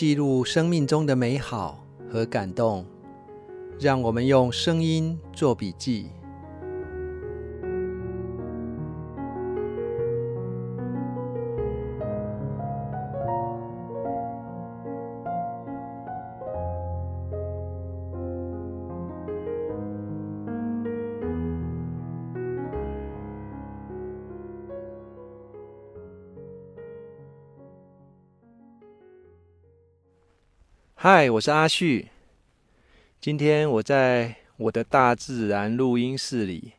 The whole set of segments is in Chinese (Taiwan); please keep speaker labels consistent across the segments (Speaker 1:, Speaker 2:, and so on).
Speaker 1: 記錄生命中的美好和感動，讓我們用聲音做筆記。嗨，我是阿旭。今天我在我的大自然錄音室裡，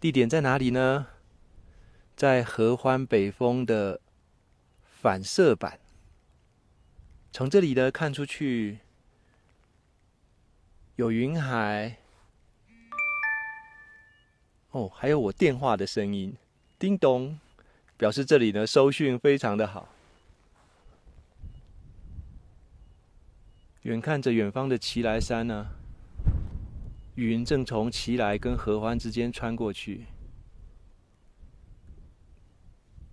Speaker 1: 地點在哪裡呢？在合歡北峰的反射板。從這裡呢看出去，有雲海。哦，還有我電話的聲音，叮咚，表示這裡呢收訊非常的好。遠看着遠方的奇萊山呢、啊，雲正從奇萊跟合歡之間穿過去。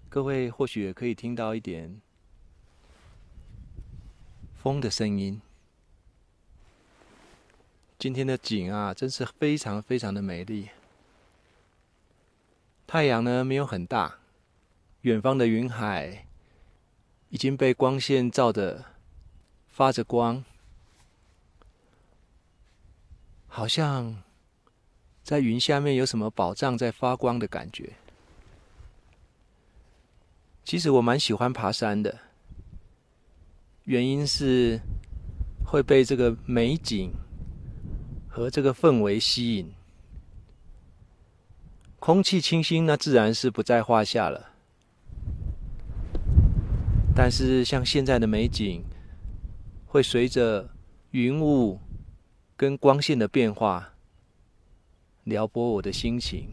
Speaker 1: 各位或許也可以聽到一點風的聲音。今天的景啊，真是非常非常的美麗。太陽呢沒有很大，遠方的雲海已經被光線照得發着光。好像在雲下面有什麼寶藏在發光的感覺。其實我蠻喜歡爬山的，原因是會被這個美景和這個氛圍吸引。空氣清新，那自然是不在話下了。但是像現在的美景，會隨着雲霧。跟光線的變化撩撥我的心情。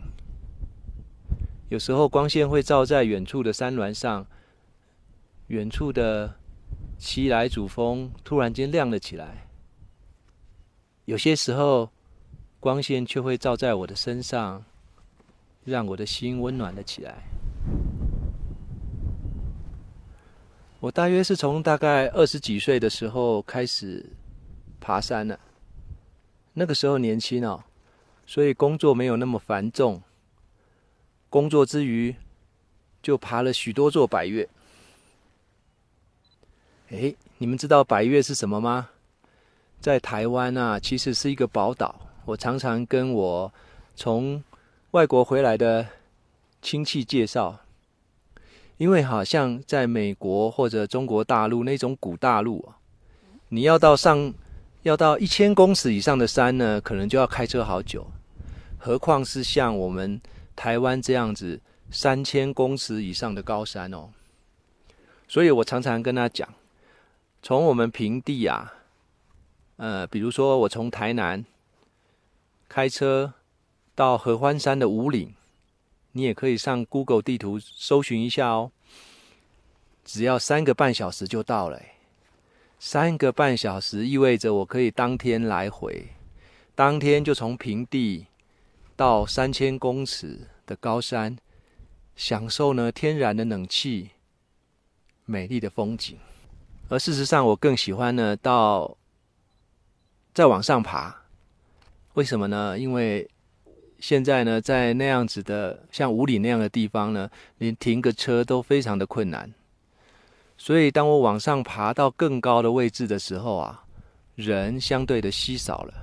Speaker 1: 有時候光線會照在遠處的山巒上，遠處的奇萊主峰突然間亮了起來。有些時候光線卻會照在我的身上，讓我的心溫暖了起來。我大約是從大概二十幾歲的時候開始爬山了。那個時候年輕啊、哦，所以工作沒有那麼繁重。工作之餘，就爬了許多座百岳。哎，你們知道百岳是什麼嗎？在台灣啊，其實是一個寶島。我常常跟我從外國回來的親戚介紹，因為好像在美國或者中國大陸那種古大陸啊，你要到上。要到一千公尺以上的山呢，可能就要開車好久，何況是像我們台灣這樣子三千公尺以上的高山哦。所以我常常跟他講，從我們平地啊，呃，比如說我從台南開車到合歡山的武嶺，你也可以上 Google 地圖搜尋一下哦，只要三個半小時就到了欸。三個半小時意味着我可以當天來回，當天就從平地到三千公尺的高山，享受呢天然的冷氣、美麗的風景。而事實上，我更喜歡呢到再往上爬，為什麼呢？因為現在呢在那樣子的像武嶺那樣的地方呢，連停個車都非常的困難。所以，當我往上爬到更高的位置的時候啊，人相對的稀少了。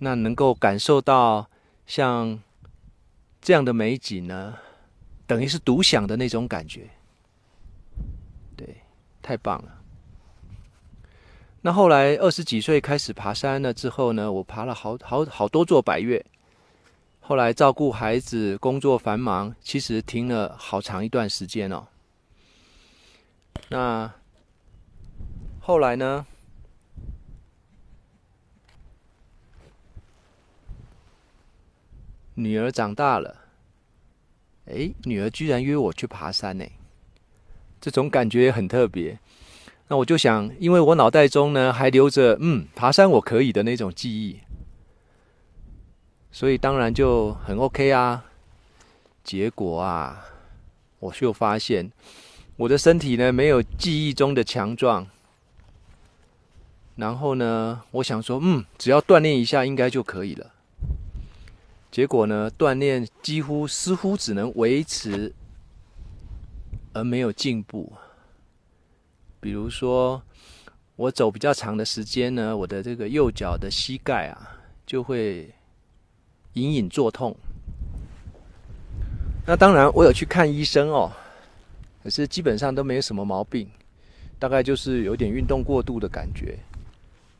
Speaker 1: 那能夠感受到像這樣的美景呢，等於是獨享的那種感覺，對，太棒了。那後來二十幾歲開始爬山了之後呢，我爬了好好好多座百岳。後來照顧孩子，工作繁忙，其實停了好長一段時間哦。那後來呢，女兒長大了，哎，女兒居然約我去爬山哎，這種感覺很特別。那我就想，因為我腦袋中呢還留着嗯，爬山我可以的那種記憶。所以當然就很 OK 啊，結果啊，我就發現我的身體呢沒有記憶中的強壯。然後呢，我想說，嗯，只要鍛鍊一下應該就可以了。結果呢，鍛鍊幾乎似乎只能維持，而沒有進步。比如說，我走比較長的時間呢，我的這個右腳的膝蓋啊就會。隱隱作痛。那當然，我有去看醫生哦，可是基本上都沒什麼毛病，大概就是有點運動過度的感覺。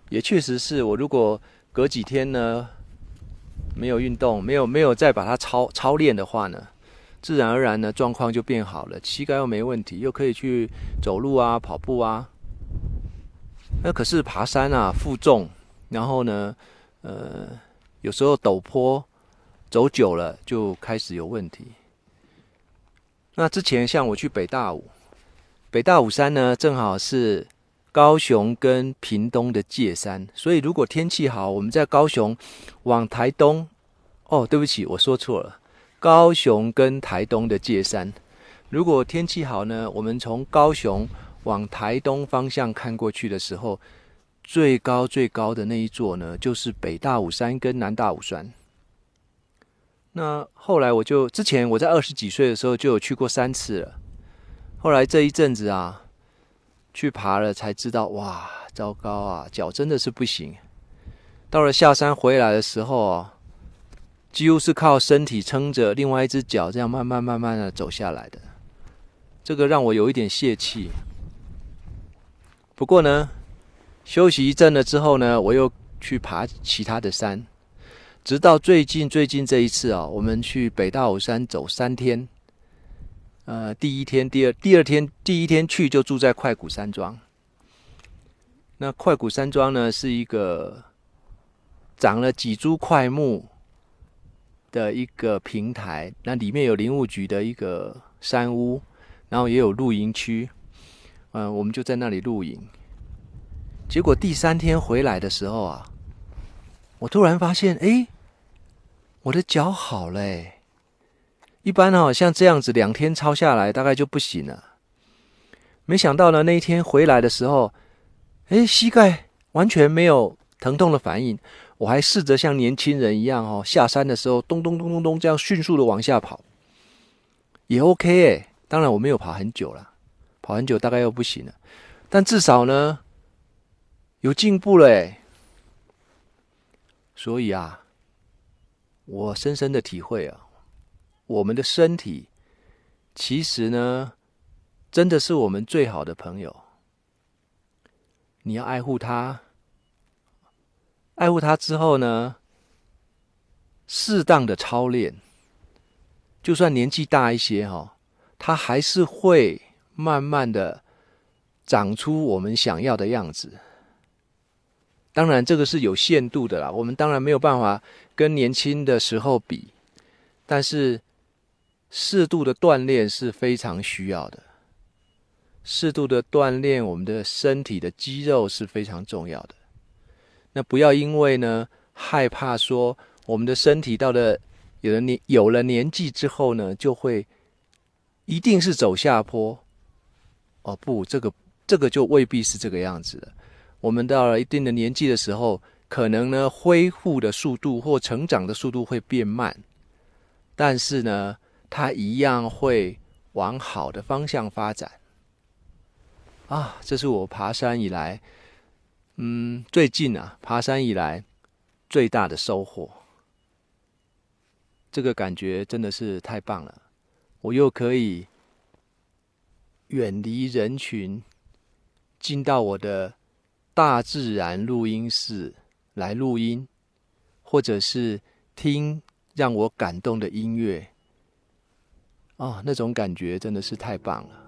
Speaker 1: 也確實是我如果隔幾天呢，沒有運動，沒有沒有再把它操操練的話呢，自然而然呢狀況就變好了，膝蓋又沒問題，又可以去走路啊、跑步啊。那可是爬山啊，負重，然後呢，呃。有時候陡坡走久了就開始有問題。那之前像我去北大武，北大武山呢，正好是高雄跟屏東的界山，所以如果天氣好，我們在高雄往台東，哦，對不起，我說錯了，高雄跟台東的界山，如果天氣好呢，我們從高雄往台東方向看過去的時候。最高最高的那一座呢，就是北大武山跟南大武山。那後來我就，之前我在二十幾歲的時候就有去過三次了。後來這一陣子啊，去爬了才知道，哇，糟糕啊，腳真的是不行。到了下山回來的時候啊，幾乎是靠身體撐着，另外一隻腳這樣慢慢慢慢的走下來的，這個讓我有一點洩氣。不過呢。休息一陣了之後呢，我又去爬其他的山，直到最近最近這一次啊，我們去北大武山走三天。呃，第一天，第二第二天，第一天去就住在檜谷山莊。那檜谷山莊呢，是一個長了幾株檜木的一個平台，那裡面有林務局的一個山屋，然後也有露營區，嗯、呃，我們就在那裡露營。結果第三天回來的時候啊，我突然發現，誒，我的腳好嘞。一般哈、哦，像這樣子兩天操下來，大概就不行了。沒想到呢，那一天回來的時候，誒，膝蓋完全沒有疼痛的反應。我還試着像年輕人一樣哦，下山的時候，咚咚咚咚咚這樣迅速的往下跑，也 OK 哎。當然我沒有跑很久了，跑很久大概又不行了。但至少呢。有進步了欸，所以啊，我深深的體會啊，我們的身體其實呢，真的是我們最好的朋友。你要愛護他，愛護他之後呢，適當的操練，就算年紀大一些哈，它還是會慢慢的長出我們想要的樣子。當然，這個是有限度的啦。我們當然沒有辦法跟年輕的時候比，但是適度的鍛鍊是非常需要的。適度的鍛鍊，我們的身體的肌肉是非常重要的。那不要因為呢，害怕說我們的身體到了有了年有了年紀之後呢，就會一定是走下坡。哦，不，這個這個就未必是這個樣子的。我們到了一定的年紀的時候，可能呢恢復的速度或成長的速度會變慢，但是呢，它一樣會往好的方向發展。啊，這是我爬山以來，嗯，最近啊爬山以來最大的收穫。這個感覺真的是太棒了，我又可以遠離人群，進到我的。大自然錄音室來錄音，或者是聽讓我感動的音樂。哦，那種感覺真的是太棒了。